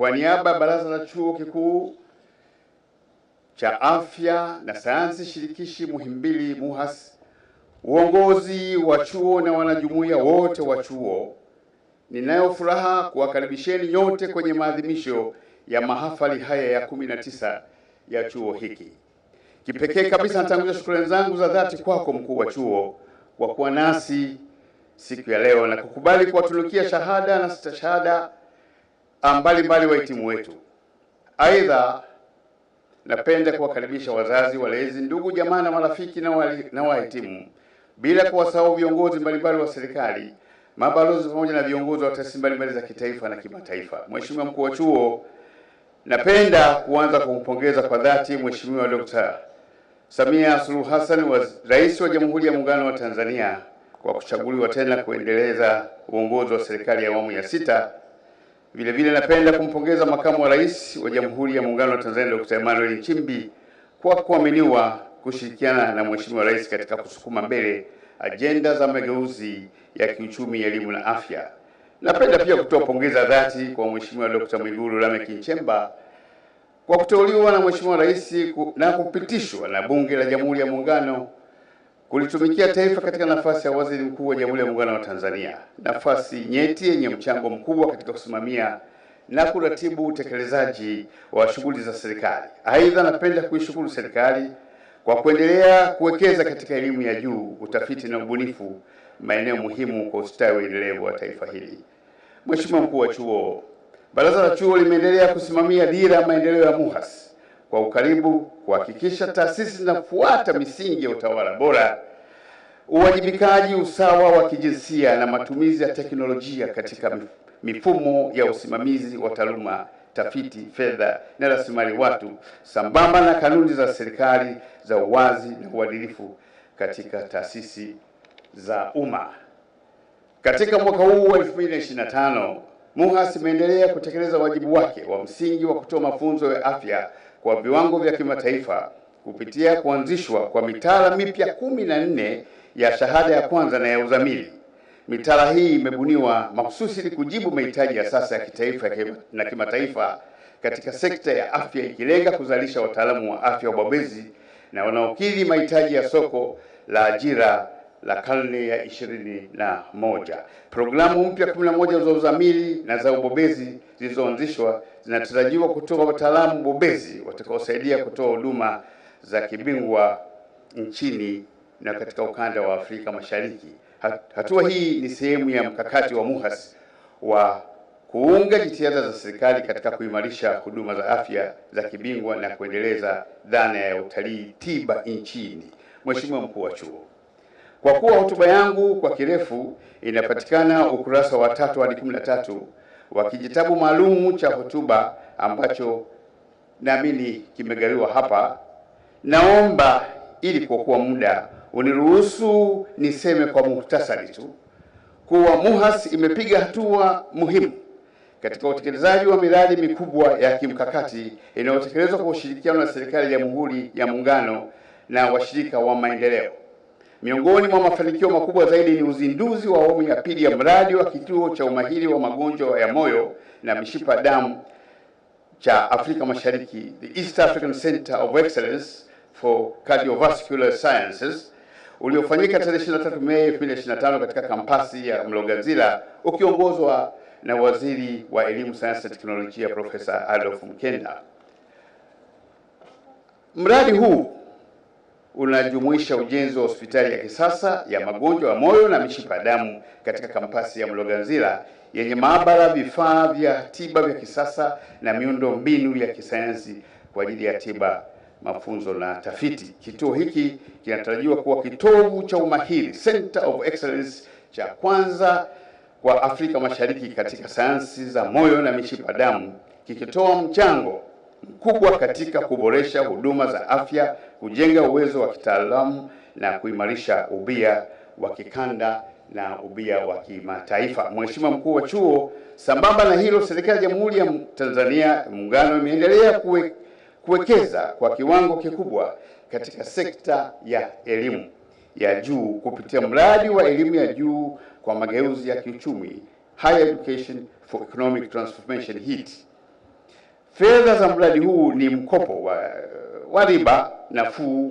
Kwa niaba ya Baraza la Chuo Kikuu cha Afya na Sayansi Shirikishi Muhimbili MUHAS, uongozi wa chuo na wanajumuiya wote wa chuo, ninayo furaha kuwakaribisheni nyote kwenye maadhimisho ya mahafali haya ya 19 ya chuo hiki. Kipekee kabisa natanguliza shukrani zangu za dhati kwako mkuu wa chuo kwa kuwa nasi siku ya leo na kukubali kuwatunukia shahada na stashahada Ah, mbalimbali wahitimu wetu. Aidha, napenda kuwakaribisha wazazi, walezi, ndugu, jamaa na marafiki na wahitimu, bila kuwasahau viongozi mbalimbali wa serikali, mabalozi, pamoja na viongozi wa taasisi mbalimbali za kitaifa na kimataifa. Mheshimiwa mkuu wa chuo, napenda kuanza kumpongeza kwa dhati Mheshimiwa Dr. Samia Suluhu Hassan, Rais wa Jamhuri ya Muungano wa Tanzania, kwa kuchaguliwa tena kuendeleza uongozi wa serikali ya awamu ya sita vile vile napenda kumpongeza makamu wa rais wa Jamhuri ya Muungano wa Tanzania Dr. Emmanuel Nchimbi kwa kuaminiwa kushirikiana na Mheshimiwa Rais katika kusukuma mbele ajenda za mageuzi ya kiuchumi, elimu na afya. Napenda pia kutoa pongeza dhati kwa Mheshimiwa Dr. Mwigulu Lameck Nchemba kwa kuteuliwa na Mheshimiwa Rais na kupitishwa na Bunge la Jamhuri ya Muungano kulitumikia taifa katika nafasi ya waziri mkuu wa Jamhuri ya Muungano wa Tanzania, nafasi nyeti yenye mchango mkubwa katika kusimamia na kuratibu utekelezaji wa shughuli za serikali. Aidha, napenda kuishukuru serikali kwa kuendelea kuwekeza katika elimu ya juu, utafiti na ubunifu, maeneo muhimu kwa ustawi endelevu wa taifa hili. Mheshimiwa mkuu wa chuo, baraza la chuo limeendelea kusimamia dira ya maendeleo ya MUHAS kwa ukaribu kuhakikisha taasisi zinafuata misingi ya utawala bora, uwajibikaji, usawa wa kijinsia na matumizi ya teknolojia katika mifumo ya usimamizi wa taaluma, tafiti, fedha na rasilimali watu, sambamba na kanuni za serikali za uwazi na uadilifu katika taasisi za umma. Katika mwaka huu wa 2025, MUHAS imeendelea kutekeleza wajibu wake wa msingi wa kutoa mafunzo ya afya kwa viwango vya kimataifa kupitia kuanzishwa kwa mitaala mipya kumi na nne ya shahada ya kwanza na ya uzamili. Mitaala hii imebuniwa mahususi kujibu mahitaji ya sasa ya kitaifa na kimataifa katika sekta ya afya, ikilenga kuzalisha wataalamu wa afya wabobezi na wanaokidhi mahitaji ya soko la ajira la karne ya ishirini na moja. Programu mpya moja za uzamili na za ubobezi zilizoanzishwa zinatarajiwa kutoa wataalamu bobezi watakaosaidia kutoa huduma za kibingwa nchini na katika ukanda wa Afrika Mashariki. Hatua hii ni sehemu ya mkakati wa MUHAS wa kuunga jitihada za serikali katika kuimarisha huduma za afya za kibingwa na kuendeleza dhana ya utalii tiba nchini. Mheshimiwa Mkuu wa Chuo kwa kuwa hotuba yangu kwa kirefu inapatikana ukurasa wa tatu hadi kumi na tatu wa kijitabu maalum cha hotuba ambacho naamini kimegaliwa hapa, naomba ili kuokoa muda uniruhusu niseme kwa muhtasari tu kuwa MUHAS imepiga hatua muhimu katika utekelezaji wa miradi mikubwa ya kimkakati inayotekelezwa kwa ushirikiano na serikali ya Jamhuri ya Muungano na washirika wa maendeleo. Miongoni mwa mafanikio makubwa zaidi ni uzinduzi wa awamu ya pili ya mradi wa kituo cha umahiri wa magonjwa ya moyo na mishipa damu cha Afrika Mashariki, the East African Center of Excellence for Cardiovascular Sciences uliofanyika tarehe 23 Mei 2025 katika kampasi ya Mloganzila ukiongozwa na Waziri wa Elimu, Sayansi na Teknolojia Profesa Adolf Mkenda. Mradi huu unajumuisha ujenzi wa hospitali ya kisasa ya magonjwa ya moyo na mishipa ya damu katika kampasi ya Mloganzila yenye maabara, vifaa vya tiba vya kisasa na miundo mbinu ya kisayansi kwa ajili ya tiba, mafunzo na tafiti. Kituo hiki kinatarajiwa kuwa kitovu cha umahiri, center of excellence, cha kwanza kwa Afrika Mashariki katika sayansi za moyo na mishipa damu, kikitoa mchango mkubwa katika kuboresha huduma za afya kujenga uwezo wa kitaalamu na kuimarisha ubia wa kikanda na ubia wa kimataifa. Mheshimiwa mkuu wa chuo, sambamba na hilo, serikali ya Jamhuri ya Tanzania Muungano imeendelea kuwe, kuwekeza kwa kiwango kikubwa katika sekta ya elimu ya juu kupitia mradi wa elimu ya juu kwa mageuzi ya kiuchumi, Higher Education for Economic Transformation HET. Fedha za mradi huu ni mkopo wa, wa riba nafuu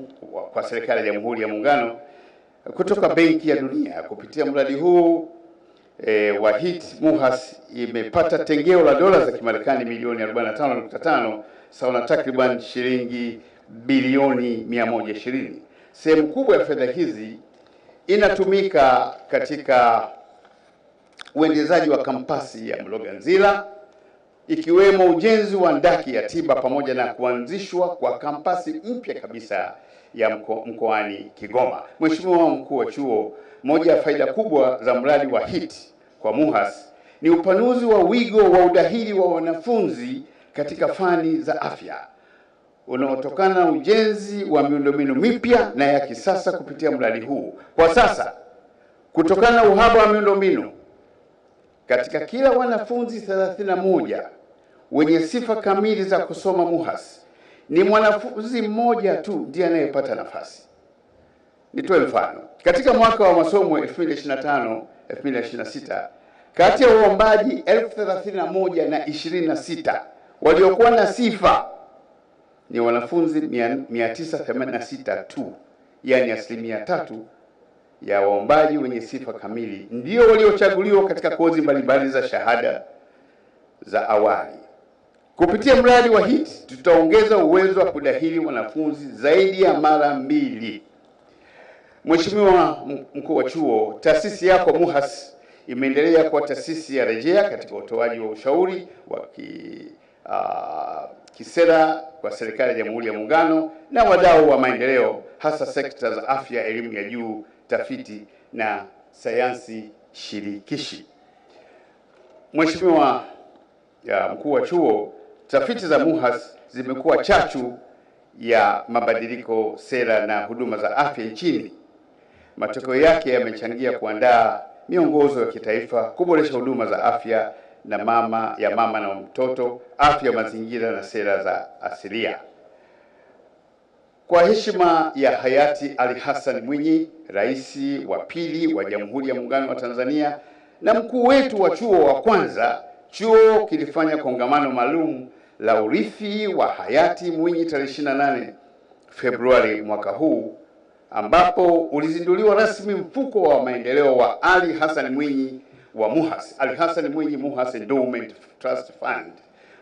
kwa serikali ya Jamhuri ya Muungano kutoka Benki ya Dunia. Kupitia mradi huu e, wa HIT MUHAS imepata tengeo la dola za Kimarekani milioni 45.5 sawa na takriban shilingi bilioni 120. Sehemu kubwa ya fedha hizi inatumika katika uendelezaji wa kampasi ya Mloganzila ikiwemo ujenzi wa ndaki ya tiba pamoja na kuanzishwa kwa kampasi mpya kabisa ya mko, mkoani Kigoma. Mheshimiwa mkuu wa chuo, moja ya faida kubwa za mradi wa hit kwa MUHAS ni upanuzi wa wigo wa udahili wa wanafunzi katika fani za afya unaotokana na ujenzi wa miundombinu mipya na ya kisasa kupitia mradi huu. Kwa sasa, kutokana na uhaba wa miundombinu katika kila wanafunzi 31 wenye sifa kamili za kusoma MUHAS ni mwanafunzi mmoja tu ndiye anayepata nafasi. Nitoe mfano, katika mwaka wa masomo 2025 2026 kati ya waombaji 31 na 26 waliokuwa na sifa ni wanafunzi 986 tu, yaani asilimia tatu ya waombaji wenye sifa kamili ndio waliochaguliwa katika kozi mbalimbali za shahada za awali. Kupitia mradi wa HEET tutaongeza uwezo wa kudahili wanafunzi zaidi ya mara mbili. Mheshimiwa mkuu wa chuo, taasisi yako MUHAS imeendelea kuwa taasisi ya rejea katika utoaji wa ushauri wa ki, uh, kisera kwa serikali ya Jamhuri ya Muungano na wadau wa maendeleo, hasa sekta za afya, elimu ya juu, tafiti na sayansi shirikishi. Mheshimiwa mkuu wa chuo Tafiti za MUHAS zimekuwa chachu ya mabadiliko sera na huduma za afya nchini. Matokeo yake yamechangia kuandaa miongozo ya kitaifa, kuboresha huduma za afya na mama ya mama na mtoto, afya mazingira na sera za asilia. Kwa heshima ya hayati Ali Hassan Mwinyi, rais wa pili wa Jamhuri ya Muungano wa Tanzania na mkuu wetu wa chuo wa kwanza, chuo kilifanya kongamano maalum la urithi wa hayati Mwinyi tarehe 28 Februari mwaka huu ambapo ulizinduliwa rasmi mfuko wa maendeleo wa Ali Hassan Mwinyi wa Muhas, Ali Hassan Mwinyi Muhas Endowment Trust Fund.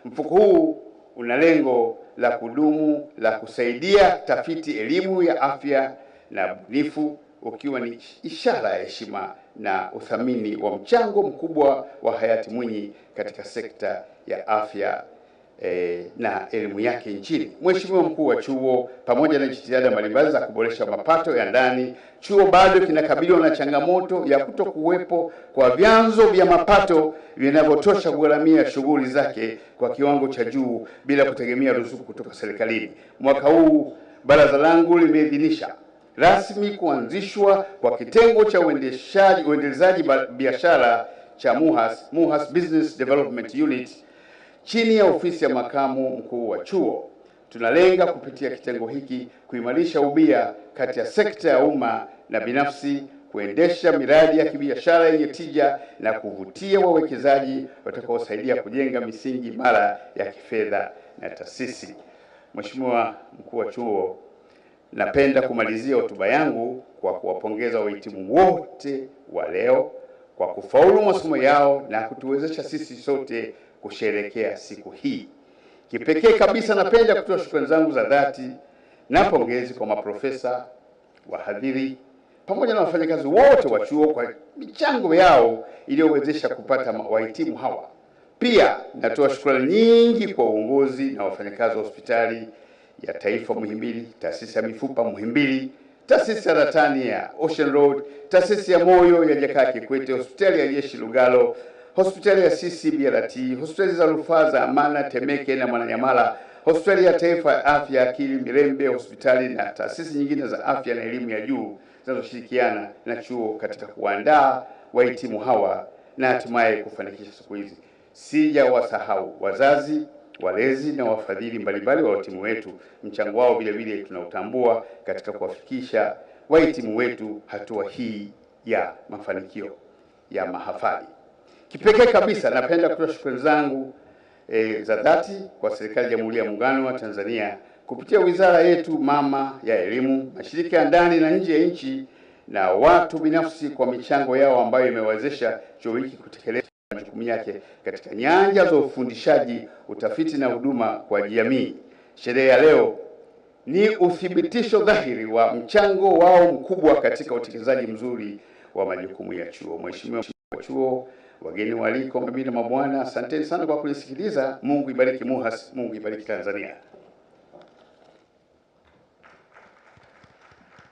Mfuko huu una lengo la kudumu la kusaidia tafiti elimu ya afya na bunifu ukiwa ni ishara ya heshima na uthamini wa mchango mkubwa wa hayati Mwinyi katika sekta ya afya. E, na elimu yake nchini. Mheshimiwa mkuu wa chuo, pamoja na jitihada mbalimbali za kuboresha mapato ya ndani, chuo bado kinakabiliwa na changamoto ya kuto kuwepo kwa vyanzo vya mapato vinavyotosha kugharamia shughuli zake kwa kiwango cha juu bila kutegemea ruzuku kutoka serikalini. Mwaka huu baraza langu limeidhinisha rasmi kuanzishwa kwa kitengo cha uendelezaji biashara cha MUHAS, MUHAS Business Development Unit chini ya ofisi ya makamu mkuu wa chuo. Tunalenga kupitia kitengo hiki kuimarisha ubia kati ya sekta ya umma na binafsi, kuendesha miradi ya kibiashara yenye tija na kuvutia wawekezaji watakaosaidia kujenga misingi imara ya kifedha na taasisi. Mheshimiwa mkuu wa chuo, napenda kumalizia hotuba yangu kwa kuwapongeza wahitimu wote wa leo kwa kufaulu masomo yao na kutuwezesha sisi sote kusherekea siku hii. Kipekee kabisa napenda kutoa shukrani zangu za dhati na pongezi kwa maprofesa, wahadhiri pamoja na wafanyakazi wote wa chuo kwa michango yao iliyowezesha kupata wahitimu hawa. Pia natoa shukrani nyingi kwa uongozi na wafanyakazi wa hospitali ya taifa Muhimbili, taasisi ya mifupa Muhimbili, taasisi ya saratani ya Ocean Road, taasisi ya moyo ya Jakaya Kikwete, hospitali ya jeshi Lugalo hospitali ya CCBRT, hospitali za rufaa za Amana, Temeke na Mwananyamala, hospitali ya taifa ya afya akili Mirembe, hospitali na taasisi nyingine za afya na elimu ya juu zinazoshirikiana na chuo katika kuandaa wahitimu hawa na hatimaye kufanikisha siku hizi. Sijawasahau wazazi, walezi na wafadhili mbalimbali wa wahitimu wetu. Mchango wao vile vile tunautambua katika kuwafikisha wahitimu wetu hatua hii ya mafanikio ya mahafali. Kipekee kabisa napenda kutoa shukrani zangu e, za dhati kwa serikali ya Jamhuri ya Muungano wa Tanzania kupitia wizara yetu mama ya elimu, mashirika ya ndani na nje ya nchi na watu binafsi kwa michango yao ambayo imewezesha chuo hiki kutekeleza majukumu yake katika nyanja za ufundishaji, utafiti na huduma kwa jamii. Sherehe ya leo ni uthibitisho dhahiri wa mchango wao mkubwa katika utekelezaji mzuri wa majukumu ya chuo. Mheshimiwa Chuo wageni waliko, mabibi na mabwana, asanteni sana kwa kunisikiliza. Mungu ibariki MUHAS, Mungu ibariki Tanzania.